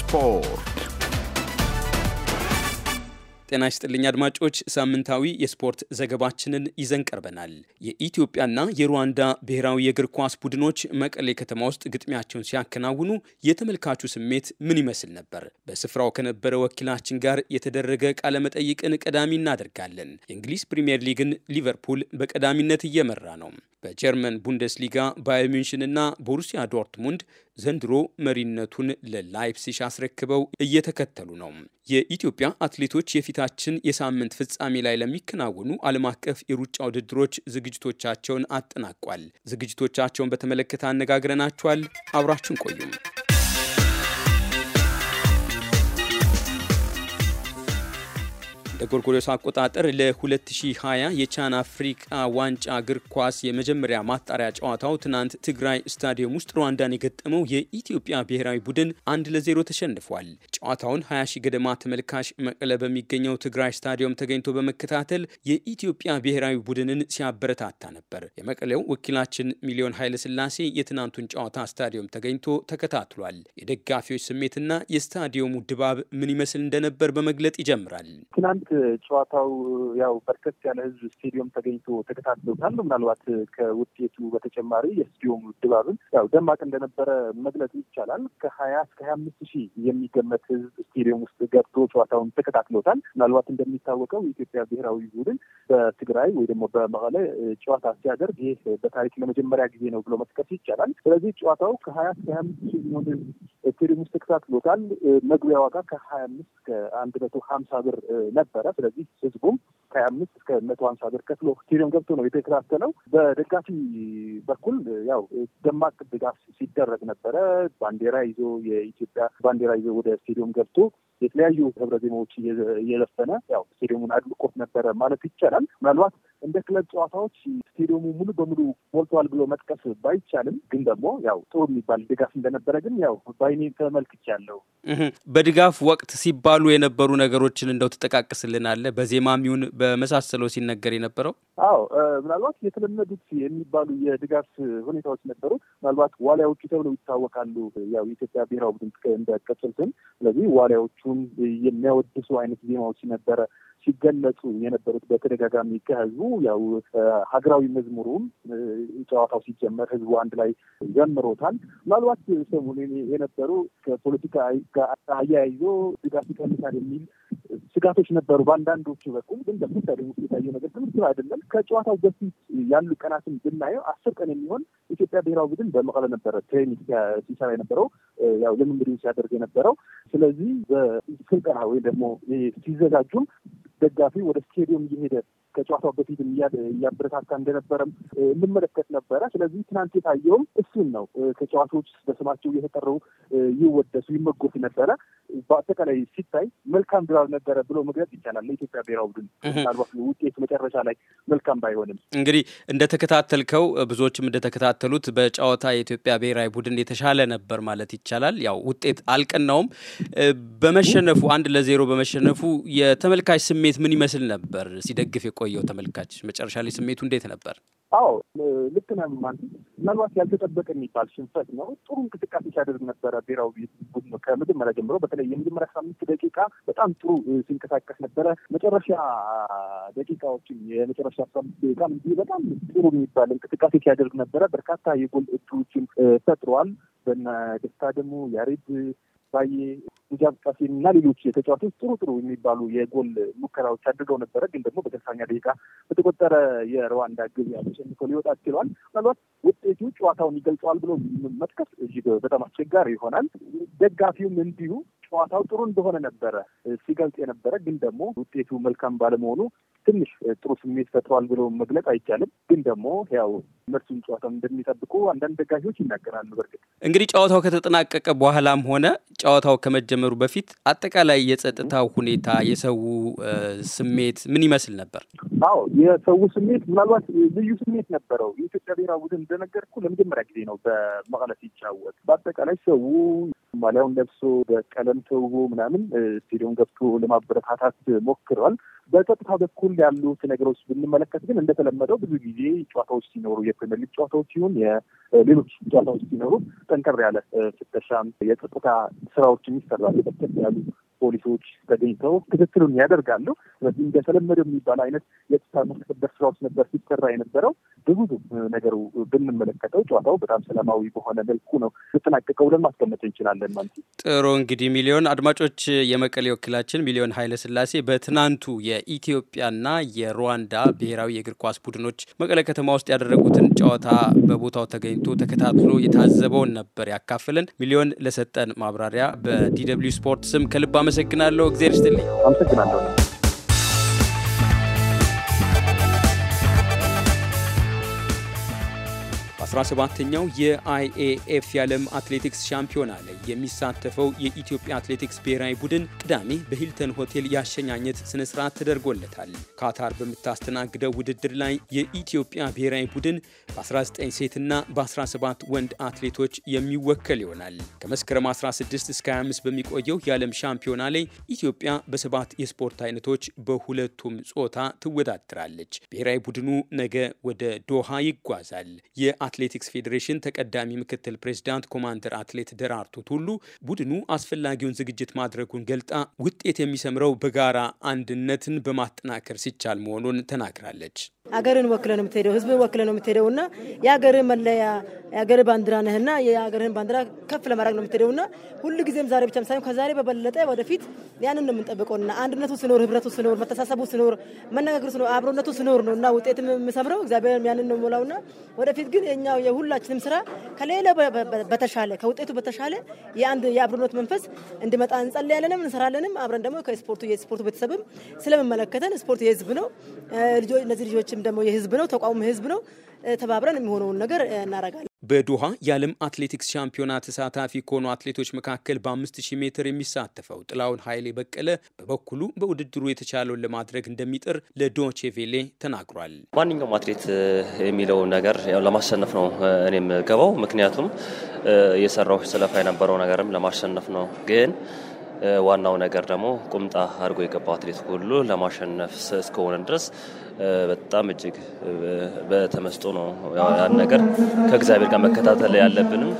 ስፖርት። ጤና ይስጥልኝ አድማጮች፣ ሳምንታዊ የስፖርት ዘገባችንን ይዘን ቀርበናል። የኢትዮጵያና የሩዋንዳ ብሔራዊ የእግር ኳስ ቡድኖች መቀሌ ከተማ ውስጥ ግጥሚያቸውን ሲያከናውኑ የተመልካቹ ስሜት ምን ይመስል ነበር? በስፍራው ከነበረ ወኪላችን ጋር የተደረገ ቃለመጠይቅን ቀዳሚ እናደርጋለን። የእንግሊዝ ፕሪምየር ሊግን ሊቨርፑል በቀዳሚነት እየመራ ነው። በጀርመን ቡንደስሊጋ ባየር እና ቦሩሲያ ዶርትሙንድ ዘንድሮ መሪነቱን ለላይፕሲሽ አስረክበው እየተከተሉ ነው። የኢትዮጵያ አትሌቶች የፊታችን የሳምንት ፍጻሜ ላይ ለሚከናወኑ ዓለም አቀፍ የሩጫ ውድድሮች ዝግጅቶቻቸውን አጠናቋል። ዝግጅቶቻቸውን በተመለከተ አነጋግረናቸዋል። አብራችን ቆዩም። ለጎርጎሮስ አቆጣጠር ለ2020 የቻን አፍሪካ ዋንጫ እግር ኳስ የመጀመሪያ ማጣሪያ ጨዋታው ትናንት ትግራይ ስታዲየም ውስጥ ሩዋንዳን የገጠመው የኢትዮጵያ ብሔራዊ ቡድን አንድ ለዜሮ ተሸንፏል። ጨዋታውን 20 ሺ ገደማ ተመልካች መቀለ በሚገኘው ትግራይ ስታዲየም ተገኝቶ በመከታተል የኢትዮጵያ ብሔራዊ ቡድንን ሲያበረታታ ነበር። የመቀለው ወኪላችን ሚሊዮን ኃይለስላሴ የትናንቱን ጨዋታ ስታዲየም ተገኝቶ ተከታትሏል። የደጋፊዎች ስሜትና የስታዲየሙ ድባብ ምን ይመስል እንደነበር በመግለጥ ይጀምራል። ትናንት ጨዋታው ያው በርከት ያለ ህዝብ ስቴዲየም ተገኝቶ ተከታትሎታል። ምናልባት ከውጤቱ በተጨማሪ የስቴዲየሙ ድባብን ያው ደማቅ እንደነበረ መግለጽ ይቻላል። ከሀያ እስከ ሀያ አምስት ሺህ የሚገመት ህዝብ ስቴዲየም ውስጥ ገብቶ ጨዋታውን ተከታትሎታል። ምናልባት እንደሚታወቀው የኢትዮጵያ ብሔራዊ ቡድን በትግራይ ወይ ደግሞ በመቀለ ጨዋታ ሲያደርግ ይህ በታሪክ ለመጀመሪያ ጊዜ ነው ብሎ መጥቀስ ይቻላል። ስለዚህ ጨዋታው ከሀያ እስከ ሀያ አምስት ሺህ የሚሆን ቴሌቪዥን ውስጥ ተከታትሎታል። መግቢያ ዋጋ ከሀያ አምስት ከአንድ መቶ ሀምሳ ብር ነበረ። ስለዚህ ህዝቡም ከሀያ አምስት እስከ መቶ ሀምሳ ብር ከፍሎ ስቴዲየም ገብቶ ነው የተከታተለው። በደጋፊ በኩል ያው ደማቅ ድጋፍ ሲደረግ ነበረ። ባንዲራ ይዞ የኢትዮጵያ ባንዲራ ይዞ ወደ ስቴዲየም ገብቶ የተለያዩ ህብረ ዜማዎች እየዘፈነ ያው ስቴዲየሙን አድልቆት ነበረ ማለት ይቻላል። ምናልባት እንደ ክለብ ጨዋታዎች ስቴዲየሙ ሙሉ በሙሉ ሞልተዋል ብሎ መጥቀስ ባይቻልም ግን ደግሞ ያው ጥሩ የሚባል ድጋፍ እንደነበረ ግን ያው በአይኔ ተመልክቻለሁ። በድጋፍ ወቅት ሲባሉ የነበሩ ነገሮችን እንደው ትጠቃቅስልናለህ? በዜማም ይሁን በመሳሰለው ሲነገር የነበረው? አዎ ምናልባት የተለመዱት የሚባሉ የድጋፍ ሁኔታዎች ነበሩ። ምናልባት ዋሊያዎቹ ተብለው ይታወቃሉ። ያው የኢትዮጵያ ብሔራዊ ቡድን እንደቀጽል ስም። ስለዚህ ዋሊያዎቹን የሚያወድሱ አይነት ዜማዎች ነበረ ሲገለጹ የነበሩት በተደጋጋሚ ከህዝቡ ያው ሀገራዊ መዝሙሩም ጨዋታው ሲጀመር ህዝቡ አንድ ላይ ጀምሮታል። ምናልባት ሰሞኑን የነበሩ ሲናገሩ ከፖለቲካ አያይዞ ድጋፍ ይቀንሳል የሚል ስጋቶች ነበሩ በአንዳንዶቹ በኩል። ግን ደግሞ ስታዲየም ውስጥ የታየው ነገር ትምህርት አይደለም። ከጨዋታው በፊት ያሉ ቀናትን ብናየው አስር ቀን የሚሆን ኢትዮጵያ ብሔራዊ ቡድን በመቀለ ነበረ ትሬኒንግ ሲሰራ የነበረው ያው ልምምድ ሲያደርግ የነበረው። ስለዚህ በስልጠና ወይም ደግሞ ሲዘጋጁም ደጋፊ ወደ ስቴዲየም እየሄደ ከጨዋታው በፊትም እያበረታታ እንደነበረም እንመለከት ነበረ። ስለዚህ ትናንት የታየውም እሱን ነው። ተጫዋቾች በስማቸው እየተጠሩ ይወደሱ ይመጎሱ ነበረ። በአጠቃላይ ሲታይ መልካም ድባብ ነበረ ብሎ መግለጽ ይቻላል። ለኢትዮጵያ ብሔራዊ ቡድን ምናልባት ውጤት መጨረሻ ላይ መልካም ባይሆንም እንግዲህ እንደተከታተልከው ብዙዎችም እንደተከታተሉት በጨዋታ የኢትዮጵያ ብሔራዊ ቡድን የተሻለ ነበር ማለት ይቻላል። ያው ውጤት አልቀናውም። በመሸነፉ አንድ ለዜሮ በመሸነፉ የተመልካች ስሜት ስሜት ምን ይመስል ነበር? ሲደግፍ የቆየው ተመልካች መጨረሻ ላይ ስሜቱ እንዴት ነበር? አዎ ልክ ነህ ማለት ምናልባት ያልተጠበቀ የሚባል ሽንፈት ነው። ጥሩ እንቅስቃሴ ሲያደርግ ነበረ ብሔራዊ ቡድኑ ከመጀመሪያ ጀምሮ፣ በተለይ የመጀመሪያ አስራ አምስት ደቂቃ በጣም ጥሩ ሲንቀሳቀስ ነበረ። መጨረሻ ደቂቃዎችን የመጨረሻ አስራ አምስት ደቂቃ እንዲህ በጣም ጥሩ የሚባል እንቅስቃሴ ሲያደርግ ነበረ። በርካታ የጎል እድሎችን ፈጥሯል። በነ ደስታ ደግሞ ያሬድ ባዬ ኒጃም እና ሌሎች ተጫዋቾች ጥሩ ጥሩ የሚባሉ የጎል ሙከራዎች አድርገው ነበረ። ግን ደግሞ በተሳኛ ደቂቃ በተቆጠረ የሩዋንዳ ግብ አሸንፈው ሊወጣ ችለዋል። ምናልባት ውጤቱ ጨዋታውን ይገልጸዋል ብሎ መጥቀስ እጅግ በጣም አስቸጋሪ ይሆናል። ደጋፊውም እንዲሁ ጨዋታው ጥሩ እንደሆነ ነበረ ሲገልጽ የነበረ ግን ደግሞ ውጤቱ መልካም ባለመሆኑ ትንሽ ጥሩ ስሜት ፈጥሯል ብሎ መግለጽ አይቻልም። ግን ደግሞ ያው ምርቱን ጨዋታ እንደሚጠብቁ አንዳንድ ደጋፊዎች ይናገራሉ። በእርግጥ እንግዲህ ጨዋታው ከተጠናቀቀ በኋላም ሆነ ጨዋታው ከመጀመሩ በፊት አጠቃላይ የጸጥታው ሁኔታ የሰው ስሜት ምን ይመስል ነበር? አዎ የሰው ስሜት ምናልባት ልዩ ስሜት ነበረው። የኢትዮጵያ ብሔራዊ ቡድን እንደነገርኩ ለመጀመሪያ ጊዜ ነው በመቀለ ሲጫወት። በአጠቃላይ ሰው ማሊያውን ለብሶ በቀለም ተውቦ ምናምን ስቴዲየም ገብቶ ለማበረታታት ሞክረዋል። በቀጥታ በኩል ያሉት ነገሮች ብንመለከት ግን እንደተለመደው ብዙ ጊዜ ጨዋታዎች ሲኖሩ የፕሪሚየር ሊግ ጨዋታዎች ሲሆን የሌሎች ጨዋታዎች ሲኖሩ ጠንከር ያለ ፍተሻም የጸጥታ ስራዎች የሚሰራሉ በርከት ያሉ ፖሊሶች ተገኝተው ክትትሉን ያደርጋሉ። ስለዚህ እንደተለመደው የሚባል አይነት የጸጥታ ማስከበር ስራዎች ነበር ሲሰራ የነበረው። ብዙ ነገሩ ብንመለከተው ጨዋታው በጣም ሰላማዊ በሆነ መልኩ ነው ስተናቀቀው ብለን ማስቀመጥ እንችላለን ማለት ነው። ጥሩ እንግዲህ ሚሊዮን አድማጮች፣ የመቀሌ ወኪላችን ሚሊዮን ኃይለስላሴ በትናንቱ የ የኢትዮጵያና የሩዋንዳ ብሔራዊ የእግር ኳስ ቡድኖች መቀለ ከተማ ውስጥ ያደረጉትን ጨዋታ በቦታው ተገኝቶ ተከታትሎ የታዘበውን ነበር ያካፍልን። ሚሊዮን ለሰጠን ማብራሪያ በዲደብሊው ስፖርት ስም ከልብ አመሰግናለሁ። እግዜር ይስጥልኝ። አመሰግናለሁ። በ17ኛው የአይኤኤፍ የዓለም አትሌቲክስ ሻምፒዮና ላይ የሚሳተፈው የኢትዮጵያ አትሌቲክስ ብሔራዊ ቡድን ቅዳሜ በሂልተን ሆቴል ያሸኛኘት ስነ ስርዓት ተደርጎለታል። ካታር በምታስተናግደው ውድድር ላይ የኢትዮጵያ ብሔራዊ ቡድን በ19 ሴትና በ17 ወንድ አትሌቶች የሚወከል ይሆናል። ከመስከረም 16 እስከ 25 በሚቆየው የዓለም ሻምፒዮና ላይ ኢትዮጵያ በሰባት የስፖርት አይነቶች በሁለቱም ጾታ ትወዳደራለች። ብሔራዊ ቡድኑ ነገ ወደ ዶሃ ይጓዛል። አትሌቲክስ ፌዴሬሽን ተቀዳሚ ምክትል ፕሬዚዳንት ኮማንደር አትሌት ደራርቱ ቱሉ ቡድኑ አስፈላጊውን ዝግጅት ማድረጉን ገልጣ ውጤት የሚሰምረው በጋራ አንድነትን በማጠናከር ሲቻል መሆኑን ተናግራለች። አገርን ወክለ ነው የምትሄደው፣ ህዝብን ወክለ ነው የምትሄደው ና የአገርን መለያ የአገር ባንዲራ ነህና የአገርህን ባንዲራ ከፍ ለማድረግ ነው የምትሄደው ና ሁሉ ጊዜም ዛሬ ብቻ ሳይሆን ከዛሬ በበለጠ ወደፊት ያንን ነው የምንጠብቀው ና አንድነቱ ስኖር፣ ህብረቱ ስኖር፣ መተሳሰቡ ስኖር፣ መነጋገሩ ስኖር፣ አብሮነቱ ስኖር ነው እና ውጤት የምሰምረው እግዚአብሔር ያንን ነው ሞላው ና ወደፊት ግን የእኛ ያው የሁላችንም ስራ ከሌላ በተሻለ ከውጤቱ በተሻለ የአንድ የአብሮነት መንፈስ እንዲመጣ እንጸልያለንም እንሰራለንም። አብረን ደግሞ ከስፖርቱ የስፖርቱ ቤተሰብም ስለመመለከተን ስፖርት የህዝብ ነው። እነዚህ ልጆችም ደግሞ የህዝብ ነው፣ ተቋሙም የህዝብ ነው። ተባብረን የሚሆነውን ነገር እናረጋለን። በዶሃ የዓለም አትሌቲክስ ሻምፒዮና ተሳታፊ ከሆኑ አትሌቶች መካከል በ5000 ሜትር የሚሳተፈው ጥላውን ኃይሌ በቀለ በበኩሉ በውድድሩ የተቻለውን ለማድረግ እንደሚጥር ለዶቼ ቬሌ ተናግሯል። ማንኛውም አትሌት የሚለውን ነገር ለማሸነፍ ነው እኔም ገባው። ምክንያቱም የሰራው ስለፋ የነበረው ነገርም ለማሸነፍ ነው ግን ዋናው ነገር ደግሞ ቁምጣ አድርጎ የገባው አትሌት ሁሉ ለማሸነፍ እስከሆነ ድረስ በጣም እጅግ በተመስጦ ነው ያን ነገር ከእግዚአብሔር ጋር መከታተል ያለብንም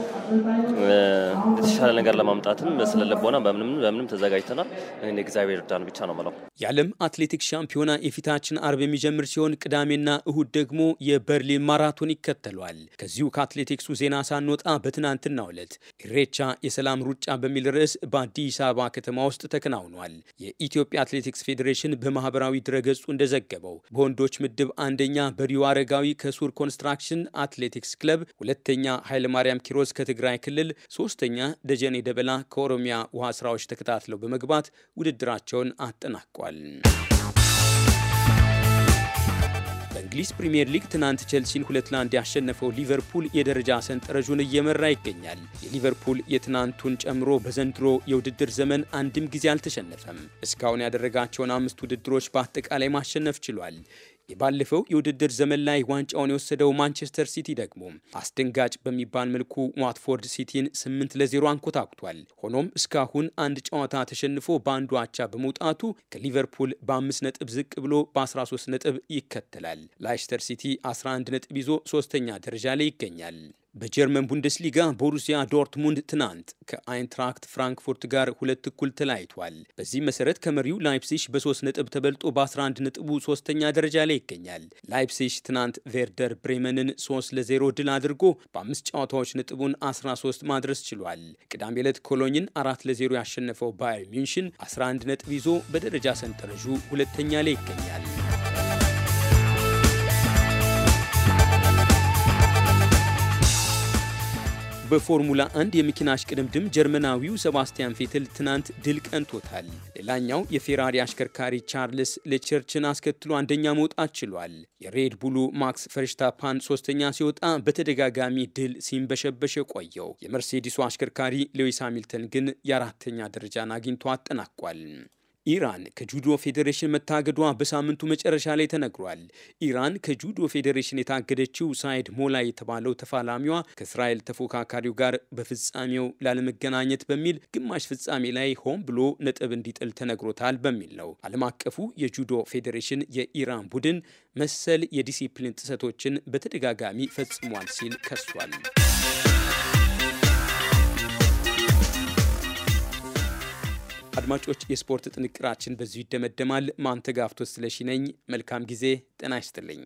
የተሻለ ነገር ለማምጣትም ስለልቦና በምንም በምንም ተዘጋጅተናል። እኔ እግዚአብሔር እርዳን ብቻ ነው የምለው። የዓለም አትሌቲክስ ሻምፒዮና የፊታችን አርብ የሚጀምር ሲሆን ቅዳሜና እሁድ ደግሞ የበርሊን ማራቶን ይከተሏል። ከዚሁ ከአትሌቲክሱ ዜና ሳንወጣ በትናንትናው ዕለት ኢሬቻ የሰላም ሩጫ በሚል ርዕስ በአዲስ አበባ ከተማ ውስጥ ተከናውኗል። የኢትዮጵያ አትሌቲክስ ፌዴሬሽን በማህበራዊ ድረገጹ እንደዘገበው ወንዶች ምድብ አንደኛ በሪዮ አረጋዊ ከሱር ኮንስትራክሽን አትሌቲክስ ክለብ፣ ሁለተኛ ኃይለማርያም ኪሮዝ ከትግራይ ክልል፣ ሶስተኛ ደጀኔ ደበላ ከኦሮሚያ ውሃ ስራዎች ተከታትለው በመግባት ውድድራቸውን አጠናቋል። በእንግሊዝ ፕሪምየር ሊግ ትናንት ቼልሲን ሁለት ለአንድ ያሸነፈው ሊቨርፑል የደረጃ ሰንጠረዡን እየመራ ይገኛል። የሊቨርፑል የትናንቱን ጨምሮ በዘንድሮ የውድድር ዘመን አንድም ጊዜ አልተሸነፈም። እስካሁን ያደረጋቸውን አምስት ውድድሮች በአጠቃላይ ማሸነፍ ችሏል። የባለፈው የውድድር ዘመን ላይ ዋንጫውን የወሰደው ማንቸስተር ሲቲ ደግሞ አስደንጋጭ በሚባል መልኩ ዋትፎርድ ሲቲን ስምንት ለዜሮ አንኮታኩቷል። ሆኖም እስካሁን አንድ ጨዋታ ተሸንፎ በአንዱ አቻ በመውጣቱ ከሊቨርፑል በአምስት ነጥብ ዝቅ ብሎ በ13 ነጥብ ይከተላል። ላይስተር ሲቲ 11 ነጥብ ይዞ ሶስተኛ ደረጃ ላይ ይገኛል። በጀርመን ቡንደስሊጋ ቦሩሲያ ዶርትሙንድ ትናንት ከአይንትራክት ፍራንክፉርት ጋር ሁለት እኩል ተለያይቷል። በዚህ መሰረት ከመሪው ላይፕሲሽ በሶስት ነጥብ ተበልጦ በ11 ነጥቡ ሶስተኛ ደረጃ ላይ ይገኛል። ላይፕሲሽ ትናንት ቬርደር ብሬመንን 3 ለዜሮ ድል አድርጎ በአምስት ጨዋታዎች ነጥቡን 13 ማድረስ ችሏል። ቅዳሜ ዕለት ኮሎኝን ለ0 ያሸነፈው ባየር ሚንሽን 11 ነጥብ ይዞ በደረጃ ሰንጠረዡ ሁለተኛ ላይ ይገኛል። በፎርሙላ 1 የመኪና አሽቅድምድም ጀርመናዊው ሰባስቲያን ፌትል ትናንት ድል ቀንቶታል። ሌላኛው የፌራሪ አሽከርካሪ ቻርልስ ሌቸርችን አስከትሎ አንደኛ መውጣት ችሏል። የሬድ ቡሉ ማክስ ፈርሽታፓን ሶስተኛ ሲወጣ በተደጋጋሚ ድል ሲንበሸበሽ የቆየው የመርሴዲሱ አሽከርካሪ ሌዊስ ሃሚልተን ግን የአራተኛ ደረጃን አግኝቶ አጠናቋል። ኢራን ከጁዶ ፌዴሬሽን መታገዷ በሳምንቱ መጨረሻ ላይ ተነግሯል። ኢራን ከጁዶ ፌዴሬሽን የታገደችው ሳይድ ሞላ የተባለው ተፋላሚዋ ከእስራኤል ተፎካካሪው ጋር በፍጻሜው ላለመገናኘት በሚል ግማሽ ፍጻሜ ላይ ሆን ብሎ ነጥብ እንዲጥል ተነግሮታል በሚል ነው። ዓለም አቀፉ የጁዶ ፌዴሬሽን የኢራን ቡድን መሰል የዲሲፕሊን ጥሰቶችን በተደጋጋሚ ፈጽሟል ሲል ከሷል። አድማጮች፣ የስፖርት ጥንቅራችን በዚሁ ይደመደማል። ማንተጋፍቶ ስለሺ ነኝ። መልካም ጊዜ። ጤና ይስጥልኝ።